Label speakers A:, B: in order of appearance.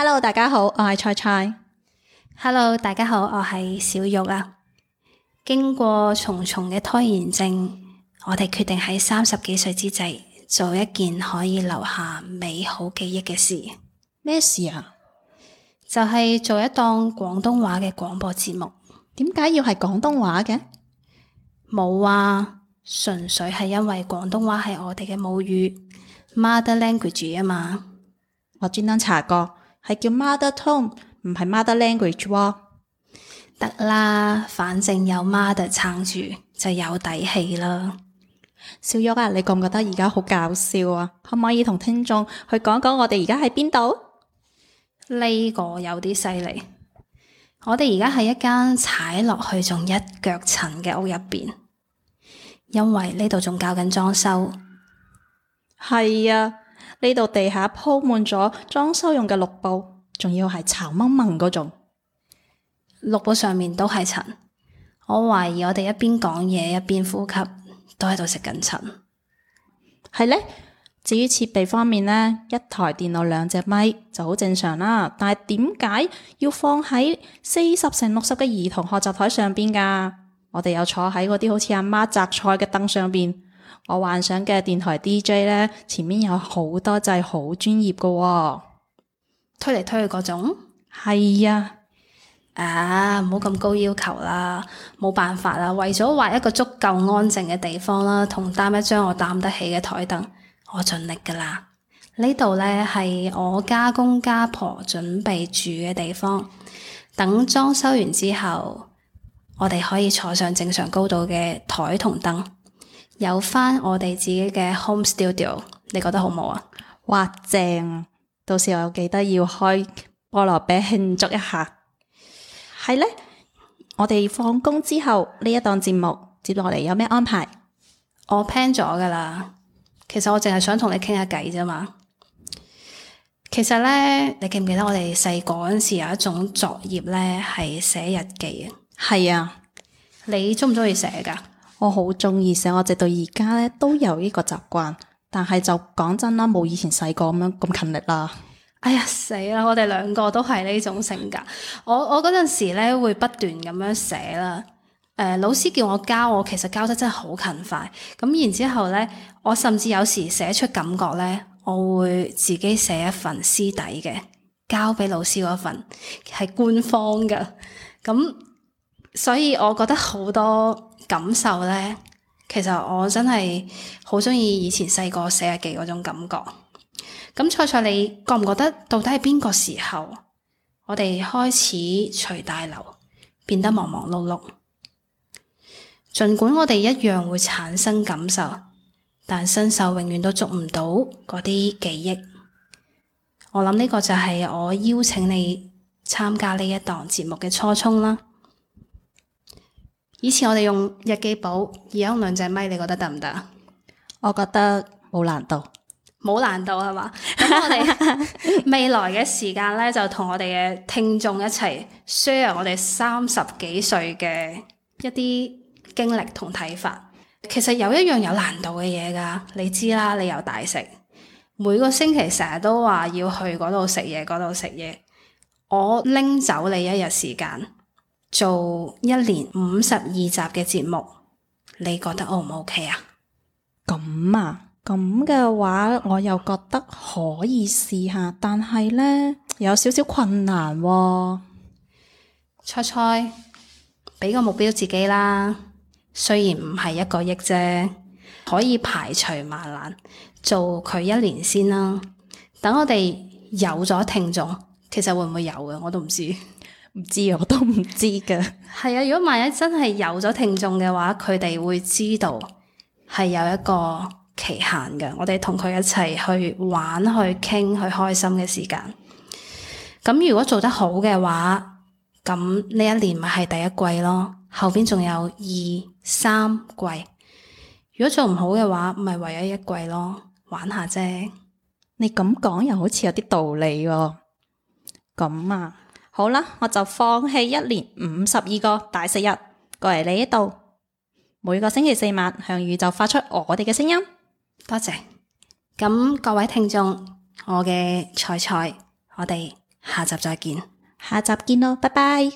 A: hello，大家好，我係蔡蔡。hello，大家好，我係小玉啊。經過重重嘅拖延症，我哋決定喺三十幾歲之際做一件可以留下美好記憶嘅事。咩事啊？就係做一檔廣東話嘅廣播節目。點解要係廣東話嘅？冇啊，純粹係因為廣東話係我哋嘅母語，mother language 啊嘛。我專登查過。係叫 mother tone 唔係 mother language 喎。得啦，反正有 mother 撐住就有底氣啦。小玉啊，你覺唔覺得而家好搞笑啊？可唔可以同聽眾去講講我哋而家喺邊度？呢個有啲犀利。我哋而家喺一間踩落去仲一腳塵嘅屋入邊，因為呢度仲搞緊裝修。係啊。呢度地下鋪滿咗裝修用嘅綠布，仲要係巢蚊蚊嗰種。綠布上面都係塵，我懷疑我哋一邊講嘢一邊呼吸都喺度食緊塵。係呢？至於設備方面呢，一台電腦兩隻咪就好正常啦。但係點解要放喺四十乘六十嘅兒童學習台上邊噶？我哋又坐喺嗰啲好似阿媽摘菜嘅凳上邊。.我幻想嘅電台 DJ 呢，前面有好多掣好專業嘅、哦，推嚟推去嗰種。係呀，啊，唔好咁高要求啦，冇辦法啦，為咗畫一個足夠安靜嘅地方啦，同擔一張我擔得起嘅台凳，我盡力噶啦。呢度呢，係我家公家婆準備住嘅地方，等裝修完之後，我哋可以坐上正常高度嘅台同凳。有翻我哋自己嘅 home studio，你覺得好唔好啊？哇，正！到時候我記得要開菠蘿啤慶祝一下。係咧，我哋放工之後呢一檔節目接落嚟有咩安排？我 plan 咗噶啦。其實我淨係想同你傾下偈啫嘛。其實咧，你記唔記得我哋細個嗰陣時有一種作業咧，係寫日記嘅？係啊，你中唔中意寫噶？我好中意寫，我直到而家咧都有呢個習慣，但係就講真啦，冇以前細個咁樣咁勤力啦。哎呀死啦！我哋兩個都係呢種性格。我我嗰陣時咧會不斷咁樣寫啦。誒、呃，老師叫我交，我其實交得真係好勤快。咁然之後咧，我甚至有時寫出感覺咧，我會自己寫一份私底嘅，交俾老師嗰份係官方嘅。咁。所以我覺得好多感受咧，其實我真係好鍾意以前細個寫日記嗰種感覺。咁菜菜，你覺唔覺得到底係邊個時候我哋開始隨大流變得忙忙碌碌？盡管我哋一樣會產生感受，但伸手永遠都捉唔到嗰啲記憶。我諗呢個就係我邀請你參加呢一檔節目嘅初衷啦。以前我哋用日記簿，而家用兩隻咪，你覺得得唔得啊？我覺得冇難度，冇難度係嘛？咁我哋 未來嘅時間咧，就同我哋嘅聽眾一齊 share 我哋三十幾歲嘅一啲經歷同睇法。其實有一樣有難度嘅嘢㗎，你知啦，你又大食，每個星期成日都話要去嗰度食嘢，嗰度食嘢，我拎走你一日時間。做一年五十二集嘅節目，你覺得 O 唔 O K 啊？咁啊，咁嘅話我又覺得可以試下，但係呢，有少少困難喎。猜猜俾個目標自己啦，雖然唔係一個億啫，可以排除萬難做佢一年先啦。等我哋有咗聽咗，其實會唔會有嘅我都唔知。唔知我都唔知㗎，係 啊！如果萬一真係有咗聽眾嘅話，佢哋會知道係有一個期限嘅。我哋同佢一齊去玩、去傾、去開心嘅時間。咁如果做得好嘅話，咁呢一年咪係第一季咯。後邊仲有二三季。如果做唔好嘅話，咪、就是、唯一一季咯，玩下啫。你咁講又好似有啲道理喎、哦。咁啊？好啦，我就放棄一年五十二個大食日過嚟你呢度，每個星期四晚向宇宙發出我哋嘅聲音。多謝。咁各位聽眾，我嘅菜菜，我哋下集再見！下集見咯，拜拜。